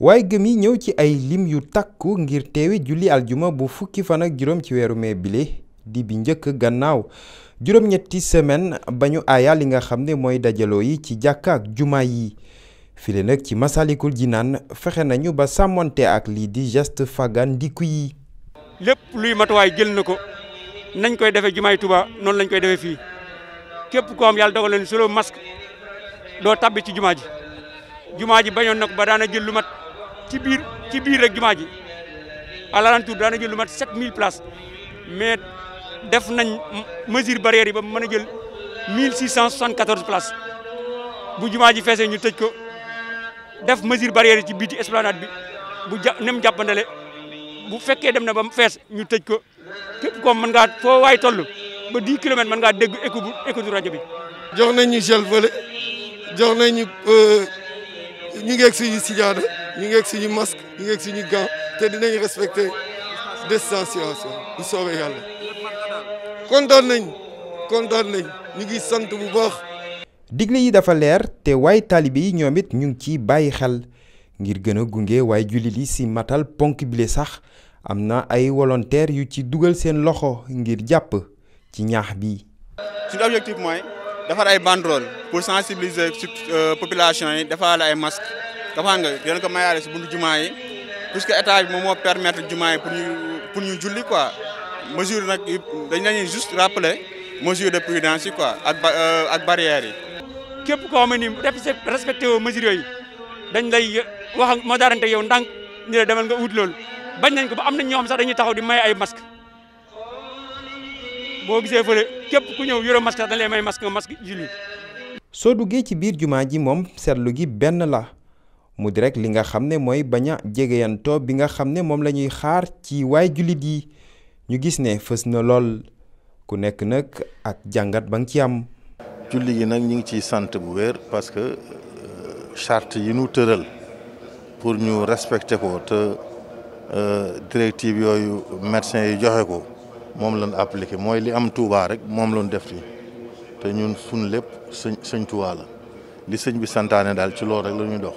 waaye gëm yi ñëw ci ay lim yu takku ngir teewe julli aljuma bu fukki fan ak juróom ci weeru mee bile di bi njëkk gannaaw juróom-ñetti semaine ba ñu aaya li nga xam ne mooy dajaloo yi ci jàkk ak juma yi file nag ci masalikul naan fexe nañu ba sàmmonte ak lii di geste fagandiku yi. lépp luy matuwaay jël na ko nañ koy defee jumaay Tuuba noonu lañ koy defee fii képp ko am yàlla dogal leen solo masque doo tabbi ci jumaa ji jumaa ji bañoon na ko ba daana ci biir ci biir rek jumaa ji à l'alentour daana jël lu mat 7000 places mais def nañ mesure barrière yi ba mën a jël 1674 places bu jumaa ji feesee ñu tëj ko def mesure barrière yi ci biiti esplanade bi bu ja nem jàppandale bu fekkee dem na ba fees ñu tëj ko képp koom mën ngaa foo waay toll ba 10 kilomètres mën ngaa dégg écho bu écho du rajo bi. jox nañ euh, ñu gel volet jox nañ ñu ñu ngeeg si si ñu ngi ak suñu masque ñu ngi ak suñu gant te dinañ respecter distanciation bu soobee yàlla kontaan nañ kontaan nañ ñu ngi sant bu baax. digle yi dafa leer te way talibi yi ñoom it ñu ngi ciy bàyyi xel ngir gën a gunge waaye jullit yi si matal ponk bile sax am na ay volontaire yu ci dugal seen loxo ngir jàpp ci ñaax bi. suñu objectif mooy defar ay banderole pour sensibiliser euh, population yi defal ay masque comprendre nga ko mayaale si buntu jumaa yi puisque état bi moom moo permettre jumaa yi pour ñu pour ñu julli quoi mesure nag dañ la ñuy juste rappeler mesure de prudence yi quoi ak euh, ak yi. képp koo xam ne nii respecté woo mesures yooyu dañ lay wax ak moo daarante yow ndànk ñu ne demal nga ut loolu bañ nañ ko ba am nañ ñoo xam sax dañuy taxaw di may ay masque boo gisee fële képp ku ñëw yore masque sax dañ lay may masque masque julli. soo duggee ci biir jumaa ji moom seetlu gi benn la. mu direk li nga xam ne mooy bañ a jegeyantoo bi nga xam ne moom la ñuy xaar ci waay jullit yi ñu gis ne fës na lool ku nekk nag ak jàngat ba nga ci am. julli gi nag ñu ngi ciy sant bu wér parce que euh, charte yi ñu tëral pour ñu respecter ko te euh, directive yooyu médecin yi joxe ko moom lañ appliqué mooy li am Touba rek moom lañu def fii te ñun suñ lépp sëñ sëñ Touba la li sëñ bi santaane daal ci loolu rek la ñuy dox.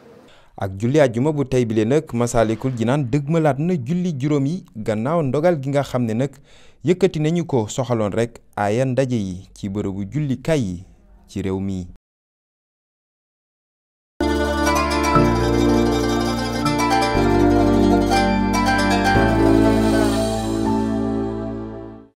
ak julli àjjuma bu tey bilee nag Masaalikul Jinaan dëgmalaat na julli juróom yi gannaaw ndogal gi nga xam ne nag yëkkati nañu ko soxaloon rek aaya ndaje yi ci bërëbu jullikaay yi ci réew mi.